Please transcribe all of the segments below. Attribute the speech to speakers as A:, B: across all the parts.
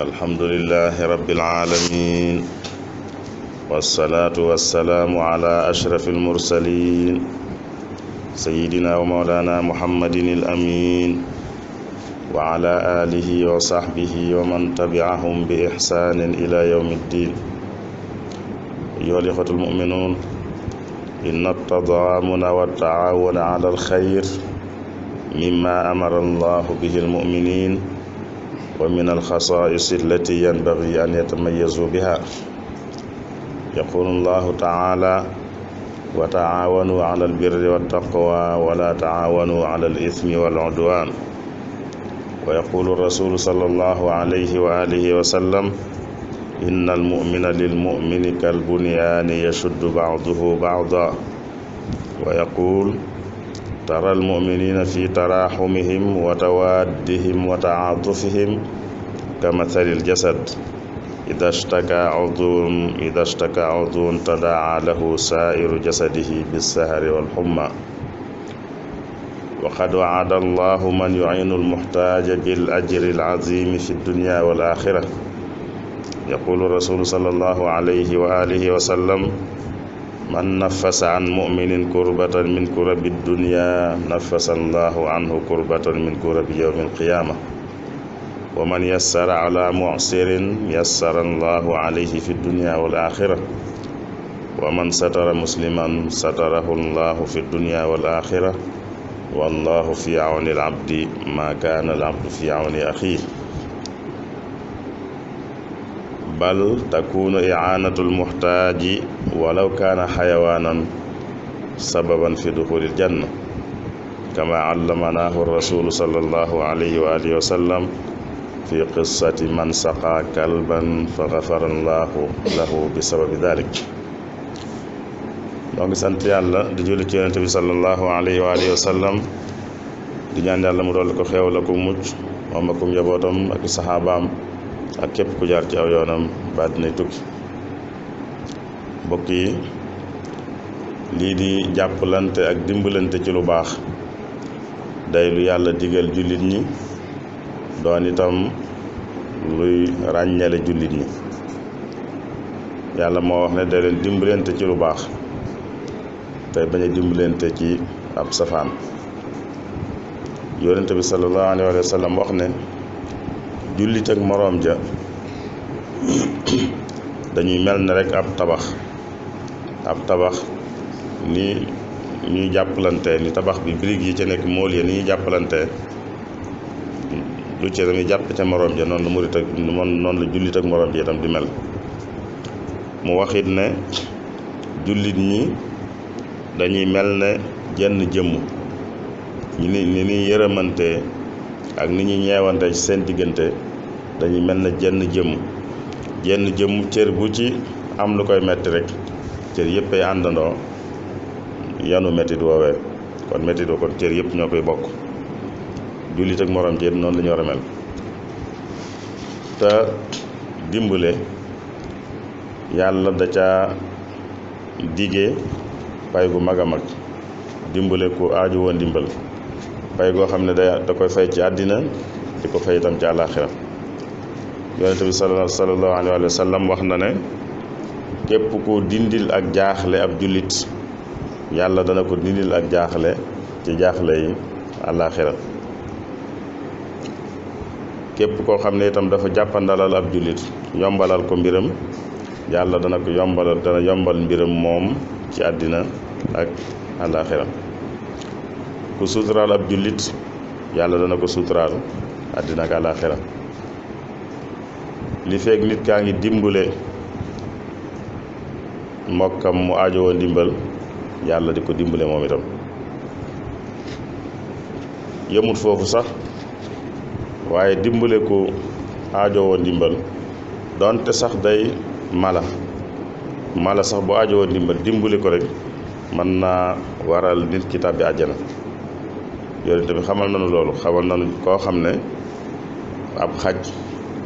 A: الحمد لله رب العالمين والصلاة والسلام على أشرف المرسلين سيدنا ومولانا محمد الأمين وعلى آله وصحبه ومن تبعهم بإحسان إلى يوم الدين أيها الإخوة المؤمنون إن التضامن والتعاون على الخير مما أمر الله به المؤمنين ومن الخصائص التي ينبغي أن يتميزوا بها يقول الله تعالى وتعاونوا على البر والتقوى ولا تعاونوا على الإثم والعدوان ويقول الرسول صلى الله عليه وآله وسلم إن المؤمن للمؤمن كالبنيان يشد بعضه بعضا ويقول ترى المؤمنين في تراحمهم وتوادهم وتعاطفهم كمثل الجسد إذا اشتكى عضو إذا اشتكى عضو تداعى له سائر جسده بالسهر والحمى وقد وعد الله من يعين المحتاج بالأجر العظيم في الدنيا والآخرة يقول الرسول صلى الله عليه وآله وسلم من نفس عن مؤمن كربة من كرب الدنيا نفس الله عنه كربة من كرب يوم القيامة ومن يسر على معسر يسر الله عليه في الدنيا والآخرة ومن ستر مسلما ستره الله في الدنيا والآخرة والله في عون العبد ما كان العبد في عون أخيه بل تكون إعانة المحتاج ولو كان حيوانا سببا في دخول الجنة كما علمناه الرسول صلى الله عليه وآله وسلم في قصة من سقى كلبا فغفر الله له بسبب ذلك دونك سانت يالا دي جولي صلى الله عليه واله وسلم دي نان يالا مودول كو خيو ومكم يبوتم ak sahabaam ak képp ku jaar ci aw yoonam baat nay tukki mbokk yi lii di jàppalante ak dimbalante ci lu baax day lu yàlla digal jullit ñi doon itam luy ràññale jullit ñi yàlla moo wax ne day leen dimbalante ci lu baax tey bañ a dimbalante ci ab safaan yonente bi sallallahu alayhi wa sallam wax ne jullit ak moroom ja dañuy mel ne rekk ab tabax ab tabax ni ñuy jàppalante ni tabax bi brique yi ca nekk mool ya ni ñuy jàppalante lu ci dañuy jàpp ca moroom ja noonu la murit ak noonu la jullit ak moroom ja itam di mel mu waxit ne jullit ñi dañuy mel na jenn jëmm ñi ni ni ñuy yërëmante ak ni ñuy ñeewante seen diggante dañu mel na jenn jëmm jenn jëmm cër bu ci am lu koy metti rek cër yëpp ay àndandoo yanu mettit woowee kon mettit woo kon cër yëpp ñoo koy bokk jullit ak morom cër noonu lañu ñu war a mel te dimbale yàlla da ca digee pay gu mag a mag dimbale ku aaju woon dimbal fay go xamne ne da koy fay ci adina diko fay tam ci alakhirah yonente bi sallallahu alaihi wa sallam wax na ne kep ko dindil ak jaxle ab julit yàlla dana ko dindil ak jaxle ci jaxle yi alakhirah kep ko xamne tam dafa jàppandalal ab julit yombalal ko mbiram yàlla dana ko yombalal dana yombal mbiram mom ci adina ak alakhirah ku suturaal ab jullit yàlla dana ko suturaal àddina ak àllaaxira li feeg nit kaa ngi dimbale mbokkam mu aajowoo ndimbal yàlla di ko dimbale moom itam yëmut foofu sax waaye dimbale ku aajowoo ndimbal donte sax day mala mala sax bu aajowoo ndimbal dimbali ko rek mën naa waral nit ki bi àjjana yonente bi xamal nañu loolu xamal nañu koo xam ne ab xaj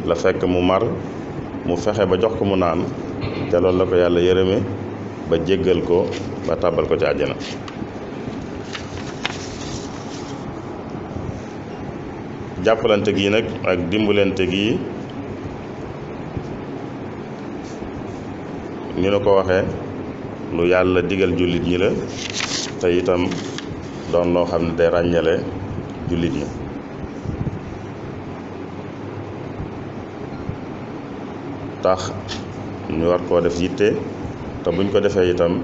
A: la fekk mu mar mu fexe ba jox ko mu naan te loolu la ko yàlla yërëme ba jéggal ko ba tàbbal ko ci àjjana jàppalante gi nag ak dimbalante gi ni nu ko waxee lu yàlla digal jullit ñi la te itam doon loo xam ne day ràññale jullit ñi tax ñu war koo def yitte te buñ ko defee itam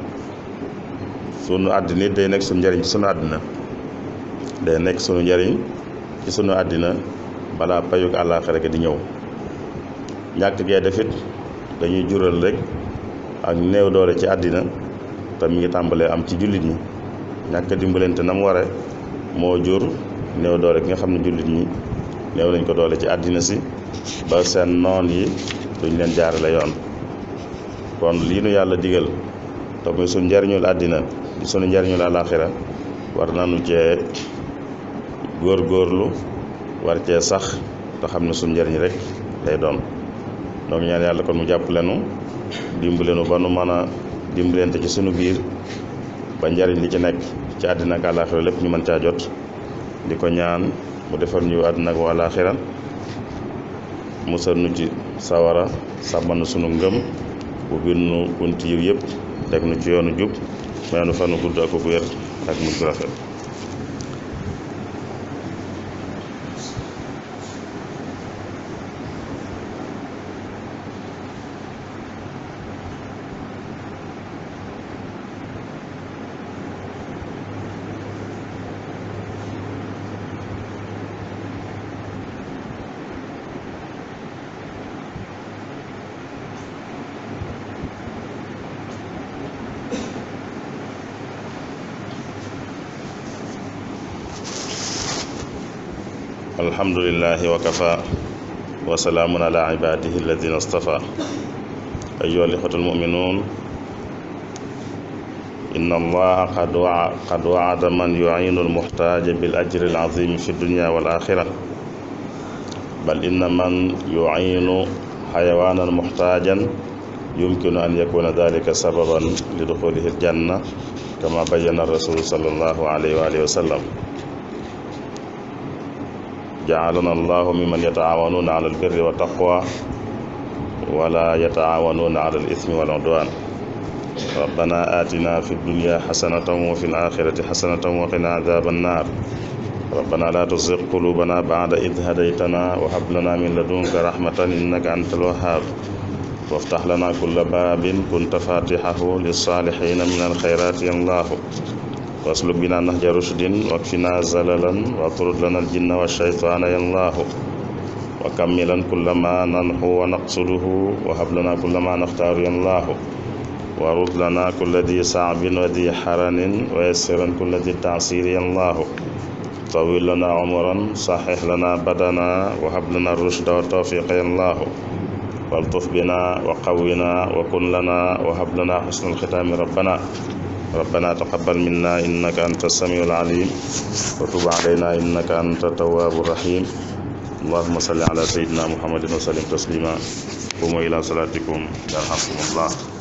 A: sunu àddina it day nekk sunu njariñ ci sunu àddina day nekk sunu njariñ sunu àddina balaa payug àllaaxira gi di ñëw ñàkk gee defit dañuy jural rekk ak néew doole ci àddina te mi ngi tàmbalee am ci jullit ñi ñàkk a dimbalante na mu ware moo jur néew doole gi nga xam ne jullit ñi néew lañ ko doole ci àddina si ba seen noon yi duñ leen la yoon kon lii nu yàlla digal te muy suñ njariñul àddina di suñu njariñul àlaaxira war nañu cee góorgóorlu war cee sax te xam ne suñ njariñ rek lay doon donc ñaan yàlla kon mu jàpp leenu dimbalenu ba nu mën a dimbalante ci suñu biir ba njariñ li ci nekk ci àddina ak àllaaxira lépp ñu mën caa jot di ko ñaan mu defar ñu àddina ak àllaaxira mu nu ci sawara sàmmal sunu ngëm ubbil nu bunt yiw yëpp teg nu ci yoonu jub may nu fanu gudd ak wér ak mujj rafet الحمد لله وكفى وسلام على عباده الذين اصطفى أيها الإخوة المؤمنون إن الله قد وعد, قد وعد من يعين المحتاج بالأجر العظيم في الدنيا والآخرة بل إن من يعين حيوانا محتاجا يمكن أن يكون ذلك سببا لدخوله الجنة كما بين الرسول صلى الله عليه وآله وسلم جعلنا الله ممن يتعاونون على البر والتقوى ولا يتعاونون على الإثم والعدوان ربنا آتنا في الدنيا حسنة وفي الآخرة حسنة وقنا عذاب النار ربنا لا تزغ قلوبنا بعد إذ هديتنا وهب لنا من لدنك رحمة إنك أنت الوهاب وافتح لنا كل باب كنت فاتحه للصالحين من الخيرات يا الله واسلك بنا نهج رشد واكفنا زللا واطرد لنا الجن والشيطان يا الله وكملا كل ما ننحو ونقصده وهب لنا كل ما نختار يا الله وارد لنا كل ذي صعب وذي حرن ويسرا كل ذي تعسير يا الله طويل لنا عمرا صحح لنا بدنا وهب لنا الرشد والتوفيق يا الله والطف بنا وقونا وكن لنا وهب لنا حسن الختام ربنا ربنا تقبل منا إنك أنت السميع العليم وتب علينا إنك أنت التواب الرحيم اللهم صل على سيدنا محمد وسلم تسليما قوموا إلى صلاتكم يرحمكم الله